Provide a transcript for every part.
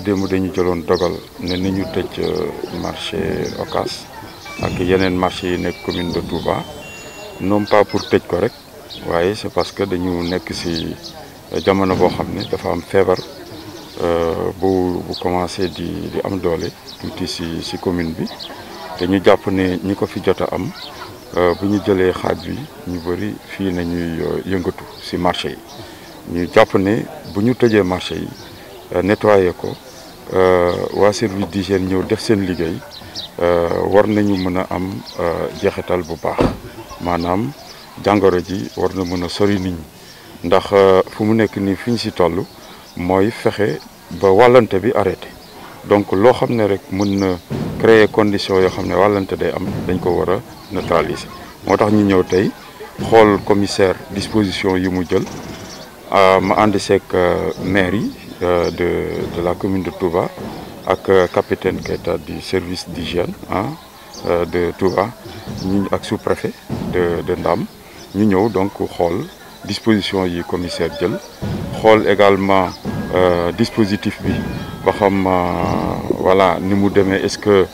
démb dañu jëloon dogal ne ni ñu tëj euh, marché Ocass ak yeneen marché yi nekk commune de Touba non pas pour tëj ko rek waaye c'est parce que dañu nekk ci euh, jamono boo xam ne dafa am feebar euh, bu bu commencé di di am doole tuuti ci ci commune bi te ñu jàpp ne ñi ko fi jot a am bu ñu jëlee xaaj bi ñu bëri fii nañuy yëngatu ci marché yi ñu jàpp ne bu ñu tëjee marché yi nettoyé ko Euh, waa service d'hygiène ñëw def seen liggéey euh, war nañu mën a am euh, jeexital bu baax maanaam jàngoro ji war na mën a sori nit ñi ndax fu mu nekk nii fi ñu si toll mooy fexe ba wàllante bi arrêté donc loo xam ne rek mën na créer condition yoo xam ne wàllante day am dañ ko war a neutraliser moo tax ñu ñëw tey xool commissaire disposition yu mu jël ma ànd seeg maire yi Euh, de, la commune de Touba le euh, capitaine du service d'hygiène hein, euh, de Touba sous-préfet de Ndam nous donc la disposition du commissaire Djel également dispositif bi voilà nous est-ce que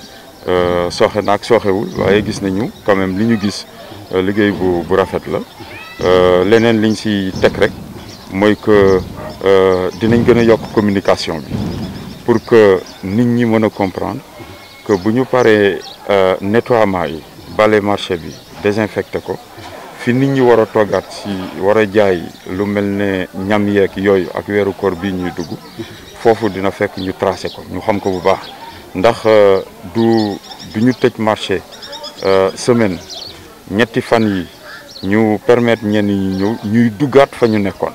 nous quand même nous nous que euh, dinañ gëna yok communication bi pour que nit ñi mëna comprendre que bu ñu paree euh, nettoiement yi marché bi désinfecté ko fi nit ñi wara togat ci wara jaay lu melne ñam yeeg yooyu ak weeru koor bi ñuy dugg fofu dina fekk ñu tracer ko ñu xam ko bu baax ndax euh, du du tej marché semaine ñetti fan yi ñu permettre ñenn ñi ñëw ñuy duggaat fa ñu nekkoon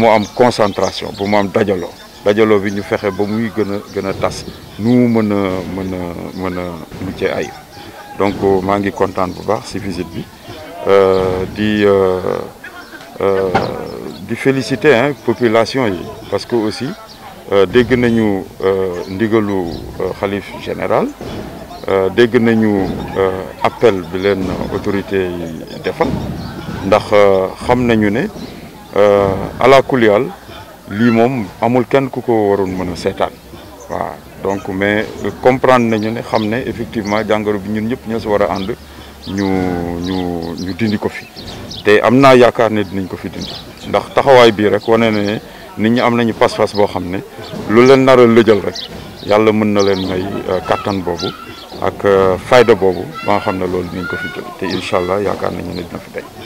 pour une concentration, pour un dialogue. Dajalo vient nous faire une bon tas. Nous, nous, Donc, je suis content de voir cette visite. Je euh, de euh, euh, féliciter hein, la population. Parce que, aussi, dès que nous avons le général, dès que nous avons appelé l'autorité de défense, nous avons Euh, ala kuliyal lii moom amul kenn ku ko waroon mën a seetaan waaw donc mais euh, comprendre nañu ne xam ne effectivement jàngoro bi ñun ñëpp ñoo si war a ànd ñu ñu ñu dindi ko fi te am naa yaakaar ne dinañ ko fi dindi ndax taxawaay bii rek wane na ne nit ñi am nañu pas-pas boo xam ne lu leen nar a lëjal rek yàlla mën na leen may euh, kattan boobu ak fayda boobu ba nga xam ne loolu dinañ ko fi jël te incha allah yaakaar nañu ne dina fi day